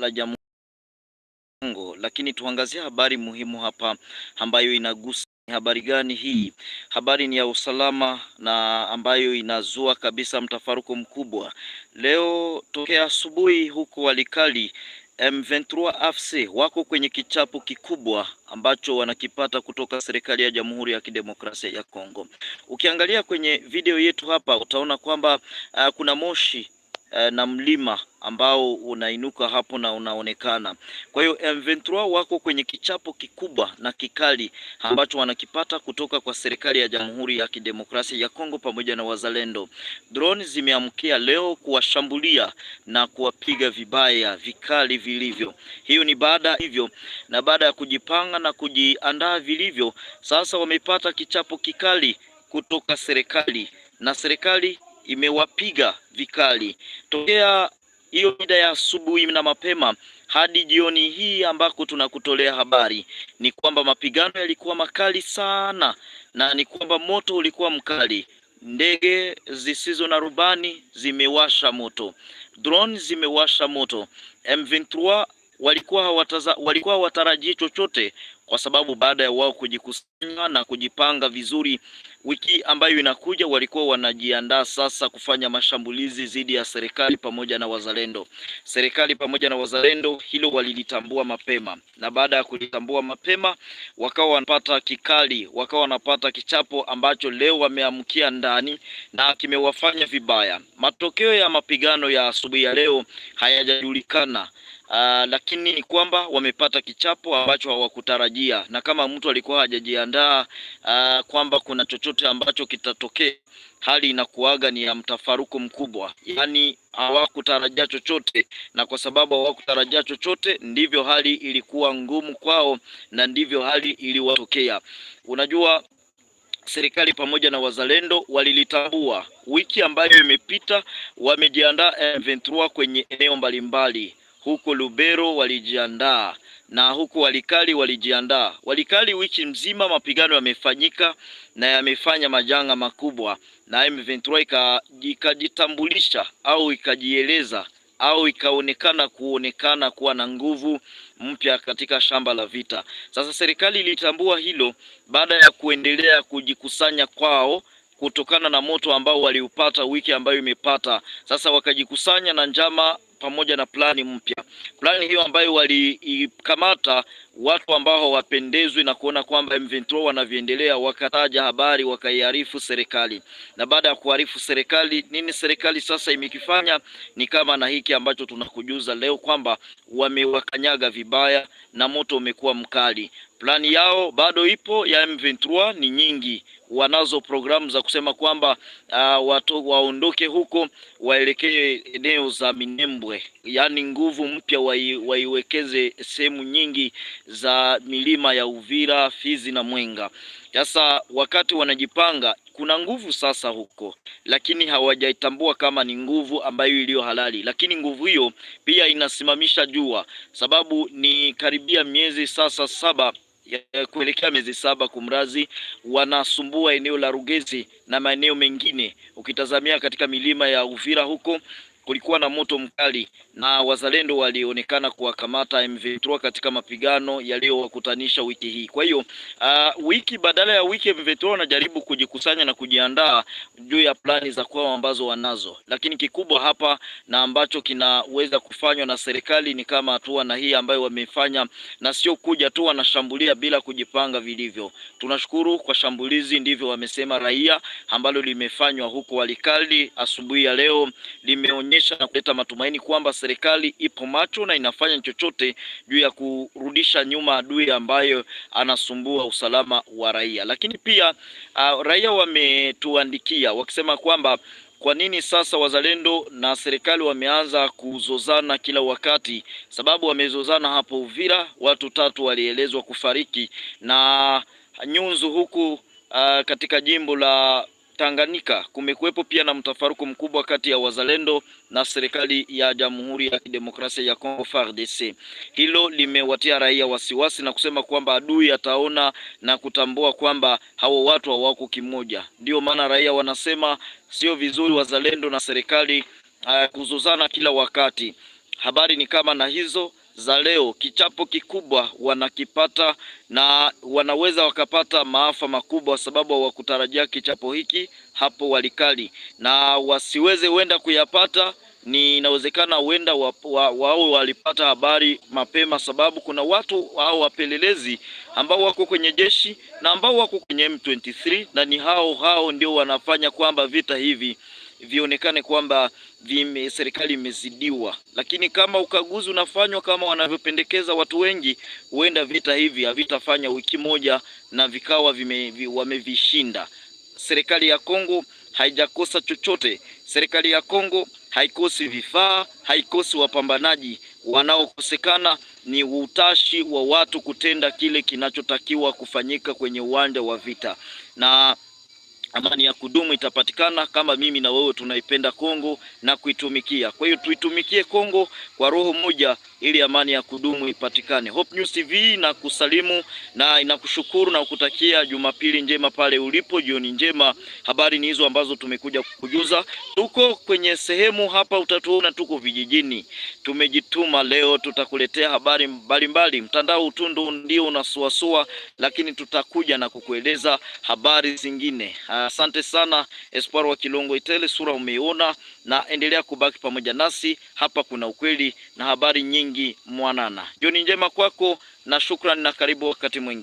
la Jamhuri lakini tuangazie habari muhimu hapa ambayo inagusa Habari gani hii? Habari ni ya usalama na ambayo inazua kabisa mtafaruko mkubwa leo. Tokea asubuhi huko Walikali, M23 AFC wako kwenye kichapo kikubwa ambacho wanakipata kutoka serikali ya Jamhuri ya Kidemokrasia ya Kongo. Ukiangalia kwenye video yetu hapa utaona kwamba uh, kuna moshi Eh, na mlima ambao unainuka hapo na unaonekana. Kwa hiyo M23 wako kwenye kichapo kikubwa na kikali ambacho wanakipata kutoka kwa serikali ya Jamhuri ya Kidemokrasia ya Kongo pamoja na wazalendo. Drone zimeamkia leo kuwashambulia na kuwapiga vibaya vikali vilivyo. Hiyo ni baada hivyo na baada ya kujipanga na kujiandaa vilivyo, sasa wamepata kichapo kikali kutoka serikali na serikali imewapiga vikali tokea hiyo mida ya asubuhi na mapema hadi jioni hii ambako tunakutolea habari ni kwamba mapigano yalikuwa makali sana, na ni kwamba moto ulikuwa mkali. Ndege zisizo na rubani zimewasha moto, drone zimewasha moto. M23 walikuwa hawatarajii chochote, kwa sababu baada ya wao kujikusanya na kujipanga vizuri, wiki ambayo inakuja walikuwa wanajiandaa sasa kufanya mashambulizi dhidi ya serikali pamoja na wazalendo. Serikali pamoja na wazalendo, hilo walilitambua mapema, na baada ya kulitambua mapema, wakawa wanapata kikali, wakawa wanapata kichapo ambacho leo wameamkia ndani na kimewafanya vibaya. Matokeo ya mapigano ya asubuhi ya leo hayajajulikana Uh, lakini ni kwamba wamepata kichapo ambacho hawakutarajia, na kama mtu alikuwa hajajiandaa uh, kwamba kuna chochote ambacho kitatokea, hali inakuaga ni ya mtafaruku mkubwa, yaani hawakutarajia chochote, na kwa sababu hawakutarajia chochote, ndivyo hali ilikuwa ngumu kwao na ndivyo hali iliwatokea. Unajua, serikali pamoja na wazalendo walilitambua. Wiki ambayo imepita wamejiandaa M23 kwenye eneo mbalimbali huko Lubero walijiandaa na huko Walikali walijiandaa. Walikali wiki mzima mapigano yamefanyika na yamefanya majanga makubwa, na M23 ikajitambulisha au ikajieleza au ikaonekana kuonekana kuwa na nguvu mpya katika shamba la vita. Sasa serikali ilitambua hilo baada ya kuendelea kujikusanya kwao kutokana na moto ambao waliupata wiki ambayo imepata. Sasa wakajikusanya na njama pamoja na plani mpya. Plani hiyo ambayo waliikamata watu ambao wapendezwi na kuona kwamba M23 wanavyoendelea, wakataja habari wakaiharifu serikali. Na baada ya kuharifu serikali, nini serikali sasa imekifanya? Ni kama na hiki ambacho tunakujuza leo kwamba wamewakanyaga vibaya na moto umekuwa mkali. Plani yao bado ipo ya M23 ni nyingi, wanazo programu za kusema kwamba uh, watu waondoke huko waelekee eneo za Minembwe, yaani nguvu mpya wai, waiwekeze sehemu nyingi za milima ya Uvira, Fizi na Mwenga. Sasa wakati wanajipanga, kuna nguvu sasa huko, lakini hawajaitambua kama ni nguvu ambayo iliyo halali, lakini nguvu hiyo pia inasimamisha jua, sababu ni karibia miezi sasa saba kuelekea miezi saba kumrazi, wanasumbua eneo la Rugezi na maeneo mengine, ukitazamia katika milima ya Uvira huko kulikuwa na moto mkali na wazalendo walionekana kuwakamata M23 katika mapigano yaliyowakutanisha wiki hii. Kwa hiyo uh, wiki badala ya wiki M23 wanajaribu kujikusanya na kujiandaa juu ya plani za kwao ambazo wanazo, lakini kikubwa hapa na ambacho kinaweza kufanywa na serikali ni kama hatua na hii ambayo wamefanya, na sio kuja tu wanashambulia bila kujipanga vilivyo. Tunashukuru kwa shambulizi, ndivyo wamesema raia, ambalo limefanywa huko Walikali asubuhi ya leo lime kuonyesha na kuleta matumaini kwamba serikali ipo macho na inafanya chochote juu ya kurudisha nyuma adui ambayo anasumbua usalama wa raia. Lakini pia uh, raia wametuandikia wakisema kwamba kwa nini sasa wazalendo na serikali wameanza kuzozana kila wakati? Sababu wamezozana hapo Uvira, watu tatu walielezwa kufariki na nyunzu huku uh, katika jimbo la Tanganyika kumekuwepo pia na mtafaruku mkubwa kati ya wazalendo na serikali ya Jamhuri ya Kidemokrasia ya Kongo FARDC. Hilo limewatia raia wasiwasi na kusema kwamba adui ataona na kutambua kwamba hao watu hawako kimoja. Ndio maana raia wanasema sio vizuri wazalendo na serikali uh, kuzozana kila wakati. Habari ni kama na hizo za leo, kichapo kikubwa wanakipata na wanaweza wakapata maafa makubwa, sababu hawakutarajia kichapo hiki hapo Walikali, na wasiweze huenda kuyapata ni inawezekana huenda wao wa, wa, walipata habari mapema, sababu kuna watu au wapelelezi ambao wako kwenye jeshi na ambao wako kwenye M23 na ni hao hao ndio wanafanya kwamba vita hivi vionekane kwamba vime, serikali imezidiwa. Lakini kama ukaguzi unafanywa kama wanavyopendekeza watu wengi, huenda vita hivi havitafanya wiki moja na vikawa vime, wamevishinda. Serikali ya Kongo haijakosa chochote. Serikali ya Kongo haikosi vifaa, haikosi wapambanaji. Wanaokosekana ni utashi wa watu kutenda kile kinachotakiwa kufanyika kwenye uwanja wa vita na amani ya kudumu itapatikana kama mimi na wewe tunaipenda Kongo na kuitumikia. Kwa hiyo tuitumikie Kongo kwa roho moja ili amani ya kudumu ipatikane. Hope News TV kusalimu na inakushukuru na kukutakia Jumapili njema pale ulipo, jioni njema. Habari ni hizo ambazo tumekuja kukujuza. Tuko kwenye sehemu hapa, utatuona tuko vijijini, tumejituma leo, tutakuletea habari mbalimbali. Mtandao Utundu ndio unasuasua, lakini tutakuja na kukueleza habari zingine. Asante sana Espoir wa Kilongo Itele, sura umeiona na endelea kubaki pamoja nasi hapa. Kuna ukweli na habari nyingi mwanana. Jioni njema kwako na shukrani, na karibu wakati mwingine.